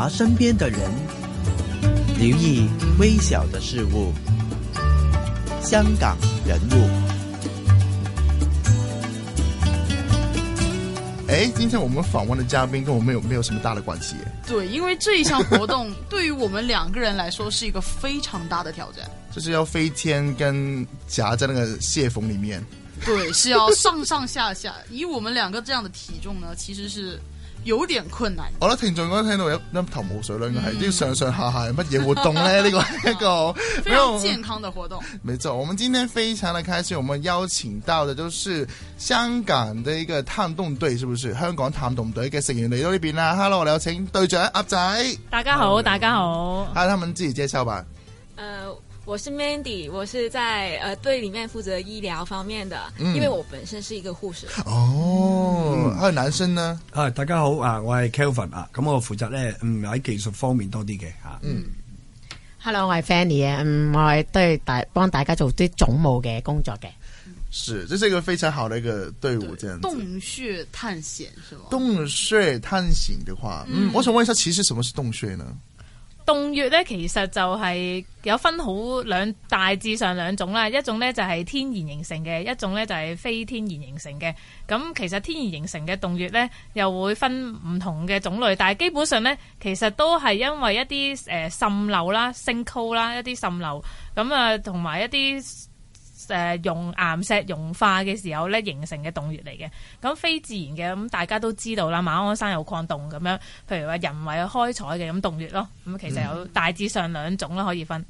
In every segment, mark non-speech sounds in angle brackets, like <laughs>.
而身邊的人留意微小的事物。香港人物，哎，今天我們訪問的嘉賓跟我們有沒有什麼大的關係耶？對，因為這一項活動對於我們兩個人來說是一個非常大的挑戰，就是要飛天跟夾在那個蟹縫裏面。對，是要上上下下， <laughs> 以我們兩個這樣的體重呢，其實是。有點困難。我咧聽眾應該聽到一頭、嗯、一頭霧水啦，係啲上上下下係乜嘢活動咧？呢個係一個非常健康的活動。 <laughs> 沒錯，我們今天非常的開心，我們邀請到的就是香港的一個探洞隊，是不是？香港探洞隊嘅成員嚟到呢邊啦。Hello，我哋有，請隊長鴨仔。大家好，Hello. 大家好。睇下他們自己介紹吧。我是 Mandy，我是在呃隊裏面負責醫療方面的、嗯，因為我本身是一個護士。哦、嗯，還有男生呢？啊，大家好啊，我係 Kelvin 啊，咁、嗯、我負責咧嗯喺技術方面多啲嘅吓。嗯，Hello，我係 Fanny 啊、嗯，我係對大幫大家做啲總務嘅工作嘅、嗯。是，這是一個非常好的一個隊伍這樣子。洞穴探險是嗎？洞穴探險的話，嗯，我想問一下，其實什麼是洞穴呢？洞穴咧，其實就係有分好兩大，大致上兩種啦。一種咧就係天然形成嘅，一種咧就係非天然形成嘅。咁其實天然形成嘅洞穴咧，又會分唔同嘅種類，但係基本上咧，其實都係因為一啲誒、呃、滲漏啦、升高啦、一啲滲漏咁啊，同埋一啲。誒，溶岩石融化嘅時候咧，形成嘅洞穴嚟嘅。咁非自然嘅，咁大家都知道啦。馬鞍山有礦洞咁樣，譬如話人為開採嘅咁洞穴咯。咁、嗯、其實有大致上兩種啦，可以分。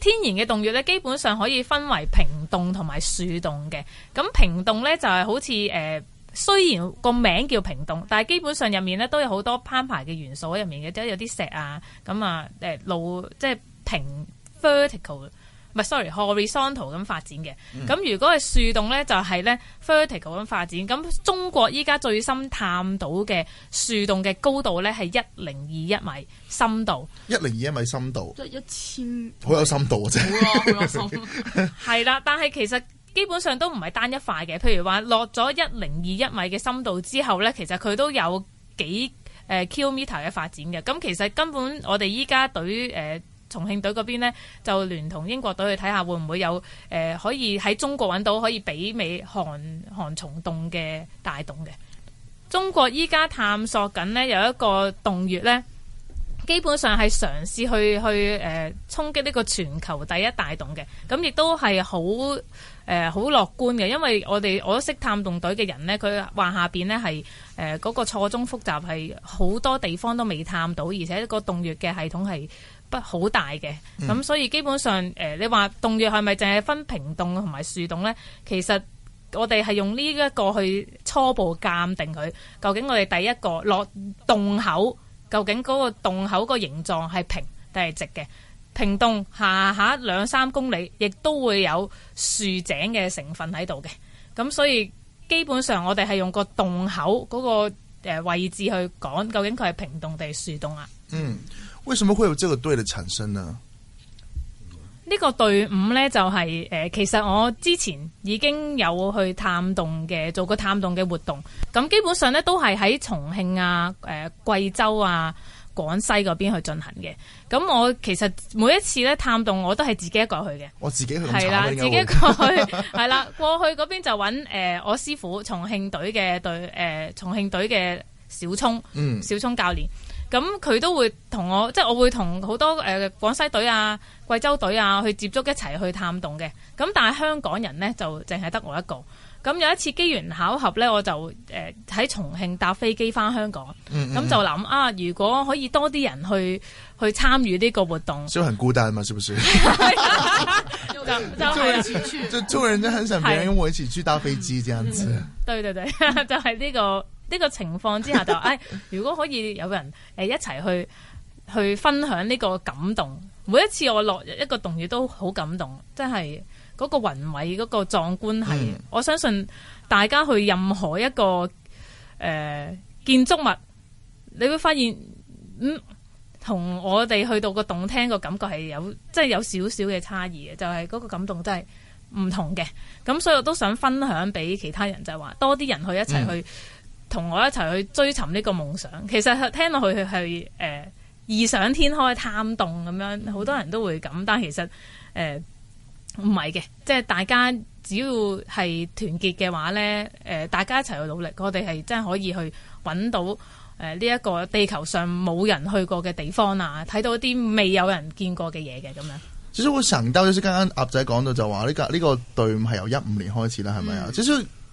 天然嘅洞穴咧，基本上可以分為平洞同埋豎洞嘅。咁平洞咧就係好似誒，雖然個名叫平洞，但係基本上入面咧都有好多攀爬嘅元素喺入面嘅，都有啲石啊，咁啊，誒路即係平 vertical。唔係，sorry，horizontal 咁發展嘅。咁、嗯、如果係樹洞咧，就係、是、咧 vertical 咁發展。咁中國依家最深探到嘅樹洞嘅高度咧，係一零二一米深度。一零二一米深度。即係一千。好有深度啊！真係。係啦， <laughs> 但係其實基本上都唔係單一塊嘅。譬如話落咗一零二一米嘅深度之後咧，其實佢都有幾、呃、kilometer 嘅發展嘅。咁其實根本我哋依家對於、呃重慶隊嗰邊咧，就聯同英國隊去睇下會唔會有誒、呃、可以喺中國揾到可以媲美韓韓重洞嘅大洞嘅。中國依家探索緊呢，有一個洞穴呢，基本上係嘗試去去誒、呃、衝擊呢個全球第一大洞嘅。咁亦都係好誒好樂觀嘅，因為我哋我都識探洞隊嘅人呢，佢話下邊呢係誒嗰個錯綜複雜，係好多地方都未探到，而且個洞穴嘅系統係。不好大嘅，咁、嗯、所以基本上，誒、呃，你話洞穴係咪淨係分平洞同埋豎洞呢？其實我哋係用呢一個去初步鑑定佢究竟我哋第一個落洞口究竟嗰個洞口個形狀係平定係直嘅。平洞下下兩三公里亦都會有豎井嘅成分喺度嘅，咁所以基本上我哋係用個洞口嗰個誒位置去講究竟佢係平洞定係豎洞啊？嗯。為什麼會有這個隊的產生呢？呢、這個隊伍呢，就係、是、誒、呃，其實我之前已經有去探洞嘅，做過探洞嘅活動。咁基本上呢，都係喺重慶啊、誒、呃、貴州啊、廣西嗰邊去進行嘅。咁我其實每一次咧探洞我都係自己一個去嘅，我、哦、自己去係、啊、啦，自己過去係 <laughs> 啦，過去嗰邊就揾誒、呃、我師傅重慶隊嘅隊誒重慶隊嘅小聰，小聰教練。嗯。咁佢都會同我，即係我會同好多誒廣西隊啊、貴州隊啊去接觸，一齊去探洞嘅。咁但係香港人呢就淨係得我一個。咁有一次機緣巧合呢，我就誒喺、呃、重慶搭飛機翻香港。咁、嗯嗯、就諗啊，如果可以多啲人去去參與呢個活動，就很孤單嘛，是不是？做 <laughs> 係 <laughs> 就係、是、就中、是、國、就是、人真係很想別人跟我一起去搭飛機這樣子。嗯、對對對就係、是、呢、這個 <laughs> 呢、個情況之下就，哎，如果可以有人一齊去 <laughs> 去分享呢個感動，每一次我落一個洞穴都好感動，真係嗰個宏偉、嗰個壯觀係。嗯、我相信大家去任何一個、呃、建築物，你會發現，嗯，同我哋去到個洞廳、個感覺係有，即係有少少嘅差異嘅，就係、嗰個感動真係唔同嘅。咁所以我都想分享俾其他人，就係、話多啲人去一齊去。嗯去同我一齊去追尋呢個夢想，其實係聽落去係誒異想天開，探洞咁樣，好多人都會咁。但係其實誒唔係嘅，即係大家只要係團結嘅話咧，誒、呃、大家一齊去努力，我哋係真係可以去搵到誒呢一個地球上冇人去過嘅地方啊，睇到啲未有人見過嘅嘢嘅咁樣。至少會神兜。即係啱啱鴨仔講到就話呢個呢個隊伍係由一五年開始啦，係咪啊？至少。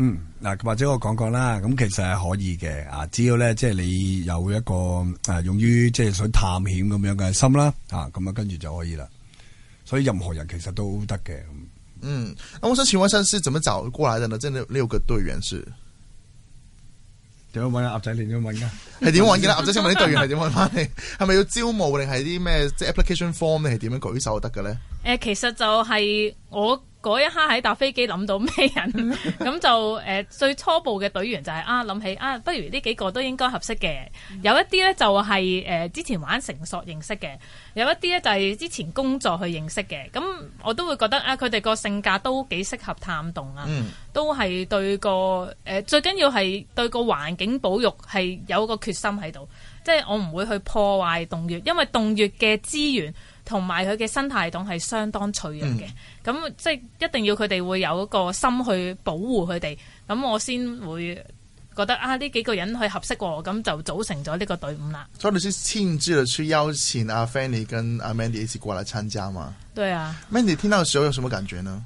嗯，嗱，或者我講講啦，咁其實係可以嘅啊，只要咧即係你有一個誒，用於即係想探險咁樣嘅心啦，啊，咁啊跟住就可以啦。所以任何人其實都得嘅。嗯，咁我想請問一下，係怎麼找過來的呢？即係六個隊員是點、啊啊、樣揾阿鴨仔你點樣揾噶？係點揾嘅鴨仔先問啲隊員係點揾翻嚟？係咪要招募，定係啲咩即 application form 嚟？點樣舉手就得嘅咧？誒，其實就係我。嗰一刻喺搭飛機諗到咩人， <laughs> <laughs> 咁、呃、就最初步嘅隊員就係、是、啊諗起啊，不如呢幾個都應該合適嘅、嗯。有一啲咧就係、是、誒、呃、之前玩繩索認識嘅，有一啲咧就係之前工作去認識嘅。咁我都會覺得啊，佢哋個性格都幾適合探洞啊、嗯，都係對個、呃、最緊要係對個環境保育係有個決心喺度，即、就、係、是、我唔會去破壞洞穴，因為洞穴嘅資源。同埋佢嘅生態系統係相當脆弱嘅，咁即係一定要佢哋會有一個心去保護佢哋，咁我先會覺得啊，呢幾個人去合適喎、哦，咁就組成咗呢個隊伍啦。所以你先知道去邀請阿 Fanny 跟阿 Mandy 一齊過嚟參加嘛？對啊。Mandy 聽到嘅時候有什麼感覺呢？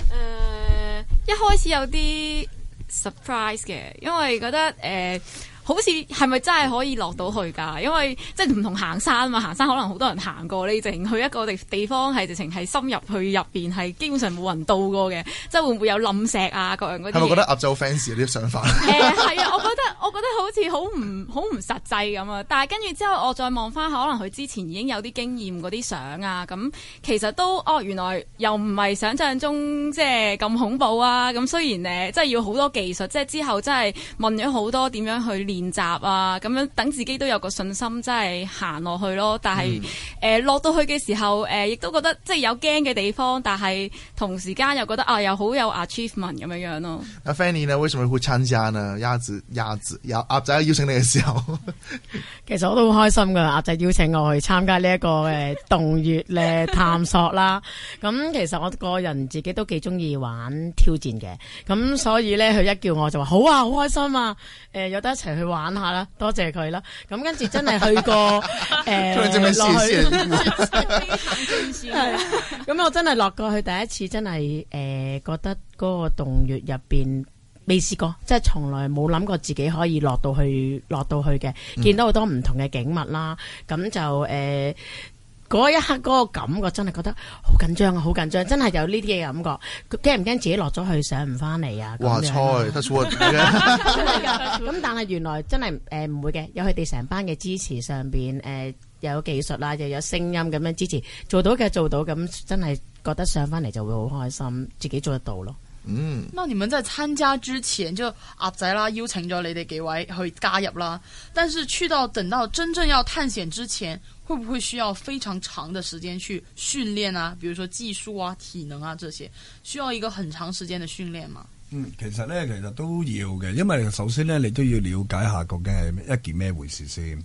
誒、uh,，一開始有啲 surprise 嘅，因為覺得誒。Uh, 好似係咪真係可以落到去㗎？因為即係唔同行山嘛，行山可能好多人行過，你直去一個地地方係直情係深入去入邊，係基本上冇人到過嘅，即係會唔會有冧石啊各樣嗰啲？係咪覺得亞洲 fans 啲想法？係、嗯、啊，我覺得我覺得好似好唔好唔實際咁啊！但係跟住之後我再望翻可能佢之前已經有啲經驗嗰啲相啊，咁其實都哦原來又唔係想像中即係咁恐怖啊！咁雖然呢，即係要好多技術，即係之後真係問咗好多點樣去。練習啊，咁樣等自己都有個信心，真係行落去咯。但係誒落到去嘅時候，誒、呃、亦都覺得即係有驚嘅地方，但係同時間又覺得啊又好有 achievement 咁樣樣咯。阿 Fanny 呢，為什麼會參加呢？鴨子鴨子有鴨仔邀請你嘅時候，其實我都好開心噶。鴨仔邀請我去參加呢一個誒洞穴嘅探索啦。咁其實我個人自己都幾中意玩挑戰嘅，咁所以咧佢一叫我就話好啊，好開心啊。誒、呃、有得一齊去玩下啦，多謝佢啦。咁跟住真係去過誒落、 <laughs> 呃、去，咁 <laughs> <laughs> 正 <laughs> 我真係落過去第一次真係，真係誒覺得嗰個洞穴入邊未試過，即係從來冇諗過自己可以落到去落到去嘅，嗯，見到好多唔同嘅景物啦。咁就誒。呃嗰一刻嗰個感覺真係覺得好緊張啊，好緊張，真係有呢啲嘅感覺，驚唔驚自己落咗去上唔返嚟啊？哇塞！菜得錯 t 咁但係原來真係誒唔會嘅，有佢哋成班嘅支持上面，誒又有技術啦，又有聲音咁樣支持，做到嘅做到，咁真係覺得上返嚟就會好開心，自己做得到咯。嗯， <noise> 那你們在參加之前就阿仔啦邀請咗你哋幾位去加入啦，但是去到等到真正要探險之前，會不會需要非常長的時間去訓練啊？比如說技術啊、體能啊這些，需要一個很長時間的訓練嗎？嗯，其實咧，其實都要嘅，因為首先咧，你都要了解下究竟係一件咩回事先。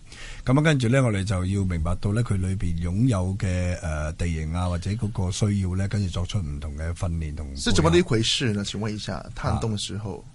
咁啊，跟住咧，我哋就要明白到咧，佢裏邊擁有嘅誒、呃、地形啊，或者嗰個需要咧，跟住作出唔同嘅訓練同。即係怎麼一回事呢？請問一下，探洞嘅時候。啊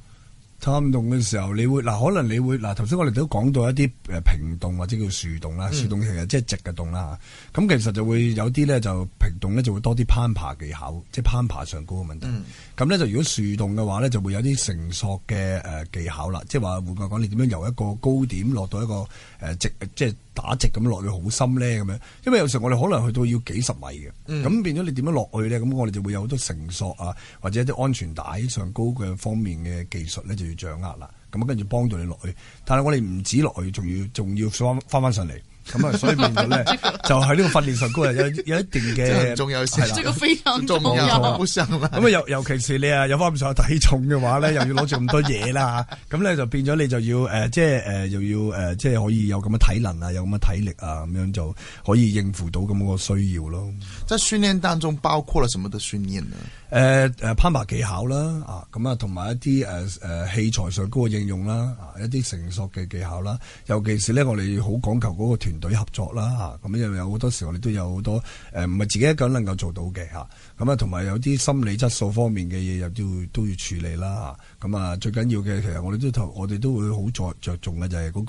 探洞嘅時候，你會嗱、啊，可能你會嗱，頭、啊、先我哋都講到一啲平洞或者叫樹洞啦、嗯，樹洞其實即係直嘅洞啦。咁其實就會有啲咧就平洞咧就會多啲攀爬技巧，即、就、係、是、攀爬上高嘅問題。咁、嗯、咧就如果樹洞嘅話咧，就會有啲繩索嘅、呃、技巧啦，即、就、係、是、話換句講講，你點樣由一個高點落到一個、呃、直即係、呃就是、打直咁落去好深咧咁樣？因為有時候我哋可能去到要幾十米嘅，咁、嗯、變咗你點樣落去咧？咁我哋就會有好多繩索啊，或者啲安全帶上高嘅方面嘅技術咧就。去掌握啦，咁啊跟住幫助你落去，但係我哋唔止落去，仲要仲要翻翻上嚟。咁 <laughs> 啊、嗯，所以變咗咧就喺呢個訓練上高啊，有有一定嘅，重要性啦，呢、這個非常重要。冇錯，咁啊，尤、嗯、尤其是你啊，有翻咁上下體重嘅話咧，又要攞住咁多嘢啦，咁 <laughs> 咧、嗯、就變咗你就要誒，即係誒，又要誒，即、呃、係、呃呃呃呃、可以有咁嘅體能樣體啊，有咁嘅體力啊，咁樣就可以應付到咁個需要咯。即係訓練當中包括了什麼嘅訓練啊？誒、呃、誒、呃，攀爬技巧啦，啊，咁啊，同埋一啲誒誒器材上高嘅應用啦，啊，一啲繩索嘅技巧啦，尤其是咧我哋好講求嗰個團。隊合作啦，吓，咁又有好多時候，我哋都有好多誒，唔、呃、係自己一個人能夠做到嘅，吓，咁啊，同埋有啲心理質素方面嘅嘢，又都要都要處理啦，吓、啊、咁啊，最緊要嘅，其實我哋都同我哋都會好着着重嘅，就係嗰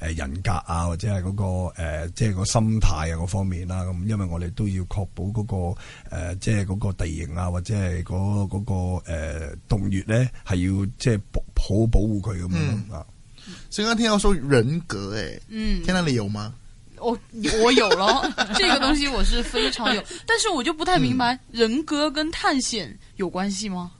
個誒人格啊，或者係嗰、那個誒即係個心態啊，嗰方面啦、啊，咁因為我哋都要確保嗰、那個誒即係嗰個地形啊，或者係嗰嗰個誒、那個呃、洞穴咧，係要即係好，好保護佢咁樣啊。先家聽有講人格誒，嗯，聽下你有嗎？嗯我、哦、我有了 <laughs> 這個東西，我是非常有，但是我就不太明白，人格跟探險有關係嗎？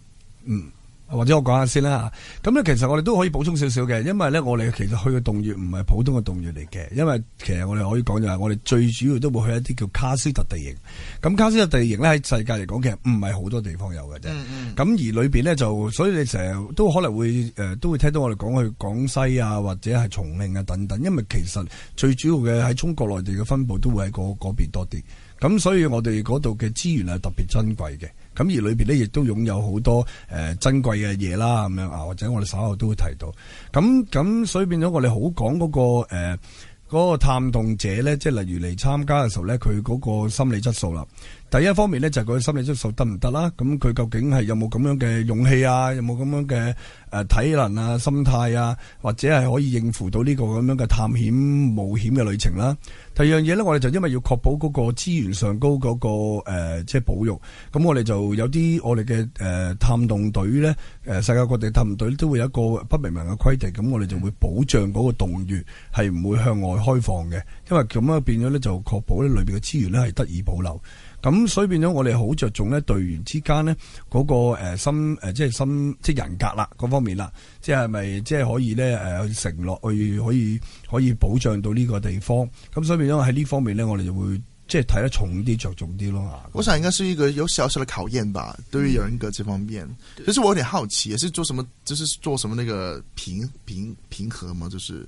嗯。嗯或者我講下先啦，咁咧其實我哋都可以補充少少嘅，因為咧我哋其實去嘅洞穴唔係普通嘅洞穴嚟嘅，因為其實我哋可以講就係我哋最主要都會去一啲叫喀斯特地形，咁喀斯特地形咧喺世界嚟講其實唔係好多地方有嘅啫，咁、嗯嗯、而裏邊咧就所以你成日都可能會誒、呃、都會聽到我哋講去廣西啊或者係重慶啊等等，因為其實最主要嘅喺中國內地嘅分佈都會喺嗰嗰邊多啲，咁所以我哋嗰度嘅資源係特別珍貴嘅。咁而裏面咧亦都擁有好多誒、呃、珍貴嘅嘢啦，咁樣啊，或者我哋稍後都會提到。咁咁所以變咗我哋好講嗰、那個誒嗰、呃那個、探洞者咧，即係例如嚟參加嘅時候咧，佢嗰個心理質素啦。第一方面咧，就係佢心理質素得唔得啦？咁佢究竟係有冇咁樣嘅勇氣啊？有冇咁樣嘅誒體能啊、心態啊，或者係可以應付到呢個咁樣嘅探險冒險嘅旅程啦、啊？第二樣嘢咧，我哋就因為要確保嗰個資源上高嗰、那個誒，即、呃、係、就是、保育，咁我哋就有啲我哋嘅誒探洞隊咧，誒世界各地探洞隊都會有一個不明文嘅規定，咁我哋就會保障嗰個洞穴係唔會向外開放嘅，因為咁樣變咗咧就確保咧裏邊嘅資源咧係得以保留。咁所以變咗我哋好着重咧，隊員之間咧嗰個誒、呃、心誒、呃，即係心即係人格啦，方面啦，即係咪即係可以咧誒、呃，承諾去可以可以，可以保障到呢個地方。咁所以變咗喺呢方面咧，我哋就會即係睇得重啲，着重啲咯。我想應該是需要有小小的考驗吧，嗯、對於人格這方面。其實我有點好奇，也是做什麼，就是做什麼那個平平平和嘛，就是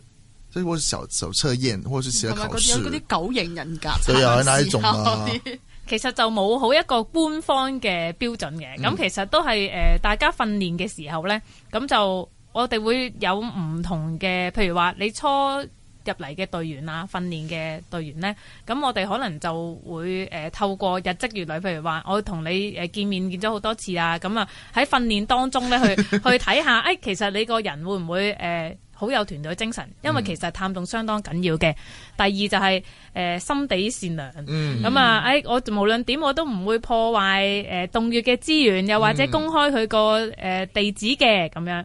即係我小小測驗，或者是其他考試。有嗰啲九型人格，對啊，哪一種啊？ <laughs> 其實就冇好一個官方嘅標準嘅，咁、嗯、其實都係誒、呃、大家訓練嘅時候呢，咁就我哋會有唔同嘅，譬如話你初入嚟嘅隊員啊，訓練嘅隊員呢，咁我哋可能就會誒、呃、透過日積月累，譬如話我同你誒見面見咗好多次啊，咁啊喺訓練當中呢， <laughs> 去去睇下，誒、呃、其實你個人會唔會誒、呃好有團隊精神，因為其實探洞相當緊要嘅。嗯、第二就係、是、誒、呃、心地善良，咁、嗯、啊、哎，我無論點我都唔會破壞誒、呃、洞穴嘅資源，又或者公開佢個誒地址嘅咁樣。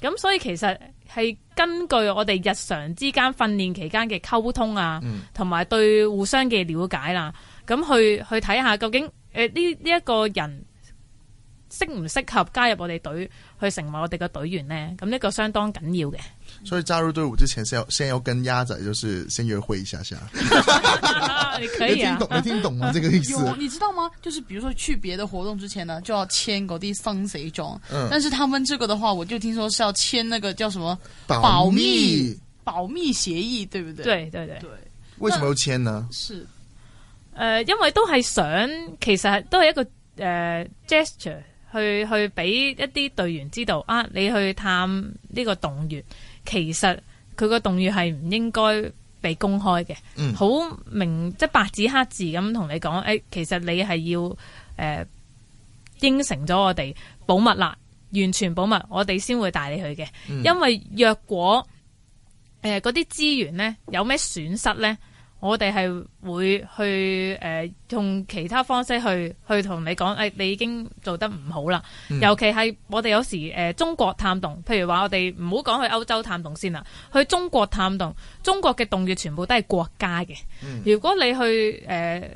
咁所以其實係根據我哋日常之間訓練期間嘅溝通啊，同、嗯、埋對互相嘅了解啦、啊，咁去去睇下究竟誒呢呢一個人適唔適合加入我哋隊去成為我哋嘅隊員咧？咁呢個相當緊要嘅。所以加入隊伍之前，先要先要跟鴨仔，就是先約會一下下。 <laughs> 你可以聽懂，沒 <laughs> 聽懂嗎？這個意思？你知道嗎？就是比如說去別的活動之前呢，就要簽 𠮶 啲生死狀。嗯，但是他們這個的話，我就聽說是要簽那個叫什麼保密保密協議，對不對？對對對對。為什麼要簽呢？是，呃，因為都係想，其實都係一個呃 gesture，去去俾一啲隊員知道啊，你去探呢個洞穴。其實佢個洞穴係唔應該被公開嘅，好、嗯、明即、就是、白紙黑字咁同你講，誒，其實你係要誒、呃、應承咗我哋保密啦，完全保密，我哋先會帶你去嘅、嗯。因為若果誒嗰啲資源咧有咩損失咧？我哋係會去誒、呃，用其他方式去去同你講，誒、哎，你已經做得唔好啦、嗯。尤其係我哋有時誒、呃，中國探洞，譬如話我哋唔好講去歐洲探洞先啦，去中國探洞，中國嘅洞穴全部都係國家嘅、嗯。如果你去誒、呃、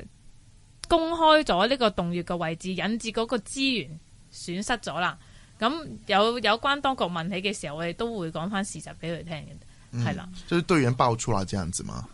公開咗呢個洞穴嘅位置，引致嗰個資源損失咗啦，咁有有關當局問起嘅時候，我哋都會講翻事實俾佢聽嘅，係、嗯、啦。就是隊員爆出啦這樣子嘛。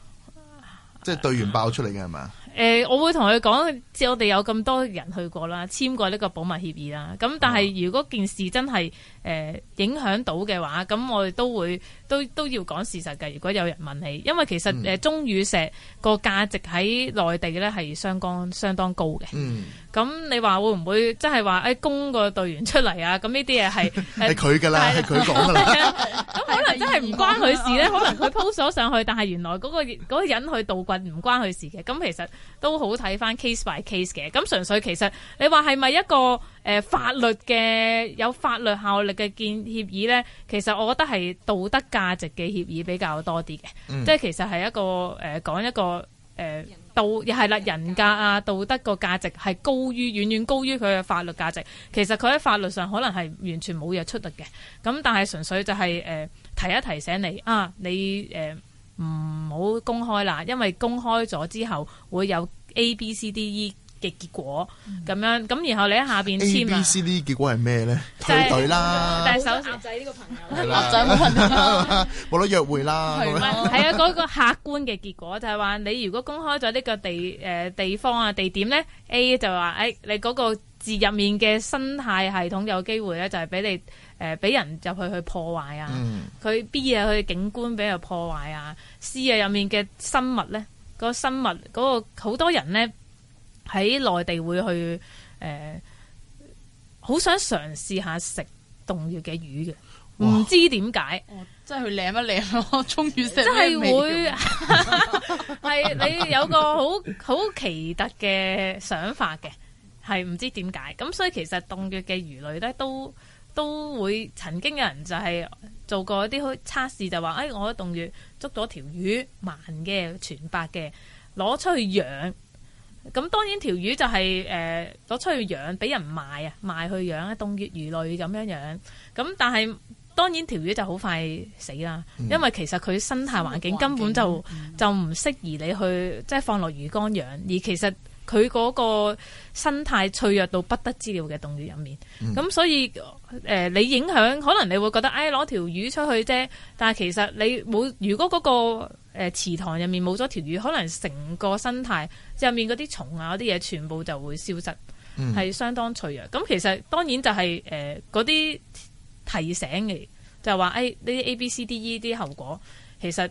即係隊員爆出嚟嘅係咪啊？Uh -huh. 誒、呃，我會同佢講，即我哋有咁多人去過啦，簽過呢個保密協議啦。咁但係如果件事真係誒、呃、影響到嘅話，咁我哋都會都都要講事實嘅。如果有人問你，因為其實、嗯呃、鐘乳石個價值喺內地咧係相當相當高嘅。嗯。咁你話會唔會真係話誒供個隊員出嚟啊？咁呢啲嘢係係佢㗎啦，係佢講㗎啦。咁 <laughs> 、啊 <laughs> 啊啊、 <laughs> 可能真係唔關佢事咧， <laughs> 可能佢 post 咗上去，但係原來嗰、那個嗰 <laughs> 人去盜掘唔關佢事嘅。咁其實。都好睇翻 case by case 嘅，咁純粹其實你話係咪一個、呃、法律嘅有法律效力嘅建協議咧？其實我覺得係道德價值嘅協議比較多啲嘅、嗯，即係其實係一個誒講、呃、一個誒、呃、道，又係啦，人格啊道德個價值係高於遠遠高於佢嘅法律價值。其實佢喺法律上可能係完全冇嘢出力嘅。咁但係純粹就係、是呃、提一提醒你啊，你、呃唔、嗯、好公開啦，因為公開咗之後會有 A、B、C、D、E 嘅結果咁、嗯、樣。咁然後你喺下面簽 A、B、C、D、E，結果係咩咧？對、就、對、是、啦，大手鴨仔呢個朋友，鴨仔好朋友， <laughs> 約會啦。係啊，嗰、 <laughs> 嗰個客觀嘅結果就係話，你如果公開咗呢個地、呃、地方啊地點咧，A 就話誒、哎、你嗰個字入面嘅生態系統有機會咧，就係俾你。誒、呃，俾人入去去破壞啊！佢、嗯、B 啊，佢景觀俾佢破壞啊！C 啊，入面嘅生物咧，嗰、那個、生物嗰、那個好多人咧喺內地會去誒，好、呃、想嘗試下食洞穴嘅魚嘅，唔知點解，即係去舐一舐咯，鍾意食。真係會係 <laughs> <laughs> 你有一個好好奇特嘅想法嘅，係唔知點解。咁所以其實洞穴嘅魚類咧都。都會曾經有人就係做過一啲好測試，就話：誒、哎，我洞魚捉咗條魚，慢嘅全白嘅，攞出去養。咁當然條魚就係誒攞出去養，俾人賣啊，賣去養啊，洞魚魚類咁樣樣。咁但係當然條魚就好快死啦、嗯，因為其實佢生態環境根本就、嗯、就唔適宜你去即係放落魚缸養，而其實。佢個生態脆弱到不得之了嘅洞穴入面，咁、嗯、所以誒、呃、你影響可能你會覺得，誒攞條魚出去啫，但係其實你冇，如果、嗰個誒、呃、池塘入面冇咗條魚可能成個生態入面啲蟲啊啲嘢，全部就會消失，係、嗯、相當脆弱。咁其實當然就係誒啲提醒嚟，就係、是、話，哎呢啲 A、B、C、D、E 啲後果，其實誒、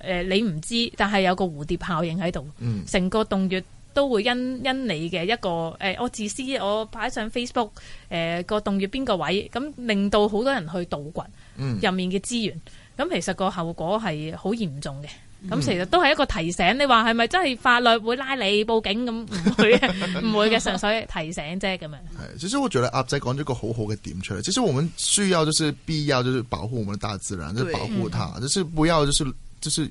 呃、你唔知道，但係有個蝴蝶效應喺度，成、嗯、個洞穴。都會因因你嘅一個誒、欸，我自私，我擺上 Facebook 誒、呃、個洞穴邊個位，咁令到好多人去盜掘入面嘅資源，咁、嗯、其實個後果係好嚴重嘅。咁、嗯、其實都係一個提醒，你話係咪真係法律會拉你報警咁唔會啊？唔 <laughs> 會嘅，純粹提醒啫咁樣。係， <laughs> 其實我覺得鴨仔講咗個好好嘅點出嚟，其實我們需要就是必要就是，就是保護我們大自然，保護它，就是不要、就是，就是就是。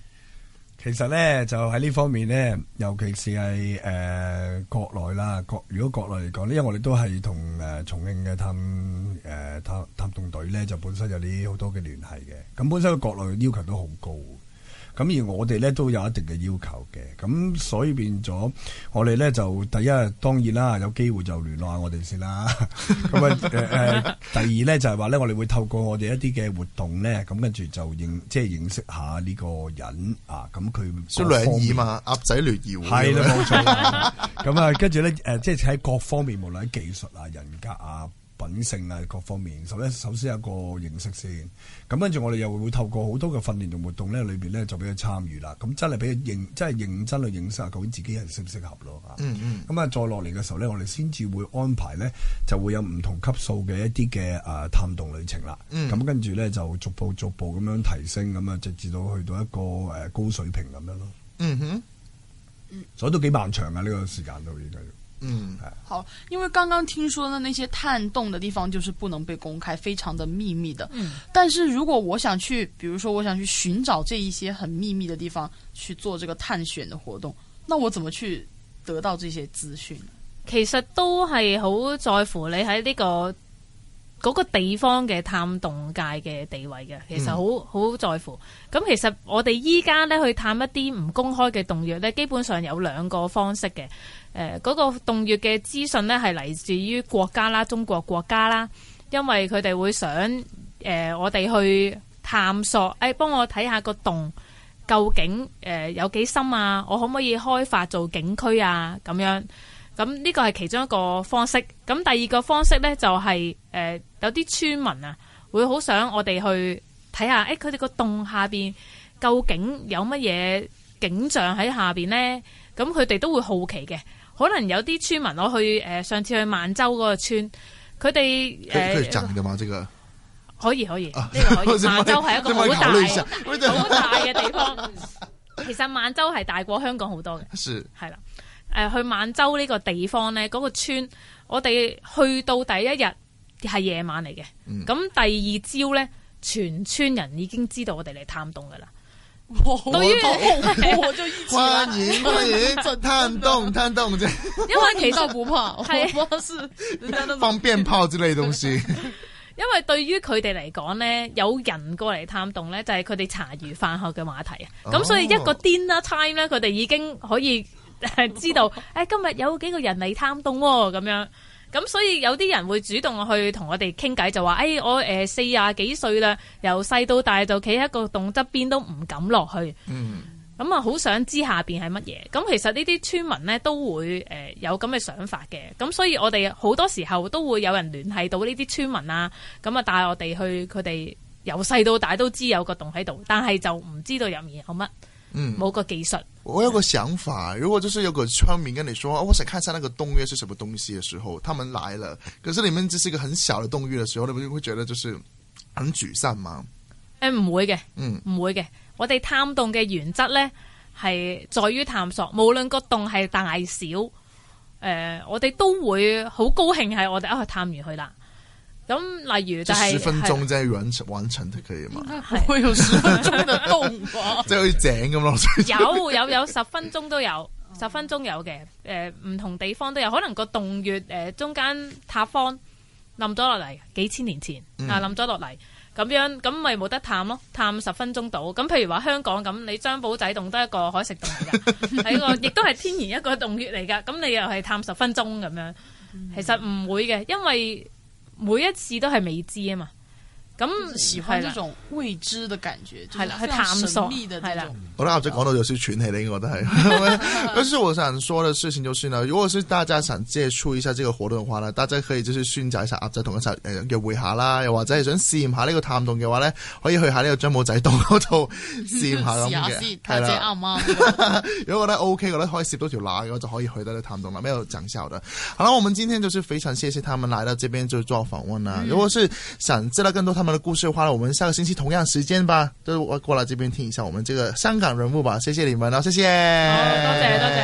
其實咧就喺呢方面咧，尤其是係誒、呃、國內啦，國如果國內嚟講呢，因為我哋都係同誒重慶嘅探誒、呃、探探洞隊咧，就本身有啲好多嘅聯繫嘅。咁本身嘅國內的要求都好高。咁而我哋咧都有一定嘅要求嘅，咁所以變咗我哋咧就第一當然啦，有機會就聯絡下我哋先啦。咁 <laughs> 啊第二咧就係話咧，我哋會透過我哋一啲嘅活動咧，咁跟住就認即係、就是、認識下呢個人啊，咁佢，出類拔萃嘛，鴨仔聯誼喎。係啦，冇錯。咁 <laughs> 啊、嗯，跟住咧即係喺各方面，無論喺技術啊、人格啊，品性啊，各方面，首首先有一個認識先，咁跟住我哋又會透過好多嘅訓練同活動咧，裏邊咧就俾佢參與啦，咁真係俾佢認，真係認真去認識下究竟自己係適唔適合咯。咁、嗯、啊、嗯，再落嚟嘅時候咧，我哋先至會安排咧，就會有唔同級數嘅一啲嘅探洞旅程啦。咁跟住咧就逐步逐步咁樣提升，咁啊直至到去到一個誒高水平咁樣咯。所以都幾漫長呀，呢個時間到而家。嗯，好，因為剛剛聽說的那些探洞的地方就是不能被公開，非常的秘密的。嗯、但是如果我想去，比如說我想去尋找這一些很秘密的地方去做這個探險的活動，那我怎麼去得到這些資訊？其實都係好在乎你喺呢個嗰個地方嘅探洞界嘅地位嘅，其實好好、嗯、在乎。咁其實我哋依家呢去探一啲唔公開嘅洞穴呢，基本上有兩個方式嘅。誒嗰個洞穴嘅資訊咧，係嚟自於國家啦，中國國家啦，因為佢哋會想誒我哋去探索，誒幫我睇下個洞究竟誒有幾深啊？我可唔可以開發做景區啊？咁樣咁呢個係其中一個方式。咁第二個方式咧，就係誒有啲村民啊，會好想我哋去睇下，誒佢哋個洞下邊究竟有乜嘢景象喺下邊咧？咁佢哋都會好奇嘅。可能有啲村民，我去誒、呃，上次去萬州嗰個村，佢哋誒，嘛、呃，呢、這個，可以可以，個可以，可以，呢、啊、個可以，萬州係一個好大、好大嘅地方。 <laughs> 其實萬州係大過香港好多嘅，係啦。誒、呃，去萬州呢個地方咧，嗰、那個村，我哋去到第一日係夜晚嚟嘅，咁、嗯、第二朝咧，全村人已經知道我哋嚟探洞噶啦。我好後我，我就一起歡迎歡迎，去探洞探洞啫。 <laughs> 因為其實不怕，我怕是 <laughs> 放鞭炮之類嘅東西。 <laughs> 因為對於佢哋嚟講咧，有人過嚟探洞咧，就係佢哋茶餘飯後嘅話題啊。咁、oh. 所以一個 dinner time 咧，佢哋已經可以知道，誒、oh. 哎、今日有幾個人嚟探洞喎、哦，咁樣。咁所以有啲人會主動去同我哋傾偈，就話誒、哎，我誒四廿幾歲啦，由、呃、細到大就企喺個洞側邊都唔敢落去，嗯，咁啊好想知下邊係乜嘢。咁其實呢啲村民咧都會誒、呃、有咁嘅想法嘅。咁所以我哋好多時候都會有人聯繫到呢啲村民啊，咁啊帶我哋去佢哋由細到大都知有個洞喺度，但係就唔知道入面有乜。嗯，冇個技術。我有個想法，如果就是有個村民跟你說，哦、我想看一下那個洞穴是什麼東西的時候，他們來了，可是裏面只是一個很小的洞穴的時候，你們就會覺得就是很沮喪嘛？誒，唔、呃、會嘅，嗯，唔會嘅。我哋探洞嘅原則咧係在於探索，無論個洞係大小，誒、呃，我哋都會好高興係我哋一去探完佢啦。咁例如，但係十分鐘即係玩玩沉得嘛？嘛？我用十分鐘就凍過，即係好似井咁咯。有有有十分鐘都有，十分鐘有嘅，誒、哦、唔、呃、同地方都有，可能個洞穴誒、呃、中間塌方冧咗落嚟，幾千年前、嗯、啊冧咗落嚟，咁樣咁咪冇得探咯，探十分鐘到。咁譬如話香港咁，你張保仔洞都係一個海蝕洞嚟噶，喺個亦都係天然一個洞穴嚟噶，咁你又係探十分鐘咁樣、嗯，其實唔會嘅，因為。每一次都係未知啊嘛。咁、嗯就是、喜歡呢種未知的感覺，係、就是就是、啦，探索係啦。好啦，阿仔講到有少喘氣我覺得係。咁所以我想說了事情就算啦。如果是大家想接觸一下呢個活動嘅話，大家可以就是宣傳，一下阿仔同一齊約會下啦。又或者係想試驗下呢個探洞嘅話呢，可以去下呢個樟母仔洞嗰度試驗下咁嘅。下 <laughs> 先這樣，睇下啱唔啱。如果覺得 OK，覺得可以攝到條罅嘅話，就可以去到呢探洞啦。咩有講笑嘅。好啦，我們今天就是非常謝謝他們來到這邊就做訪問啦、嗯。如果是想知道更多，他們。的故事花了我們下個星期同樣時間吧，都我過來這邊聽一下我們這個香港人物吧。謝謝你們啊，謝謝，多謝多謝。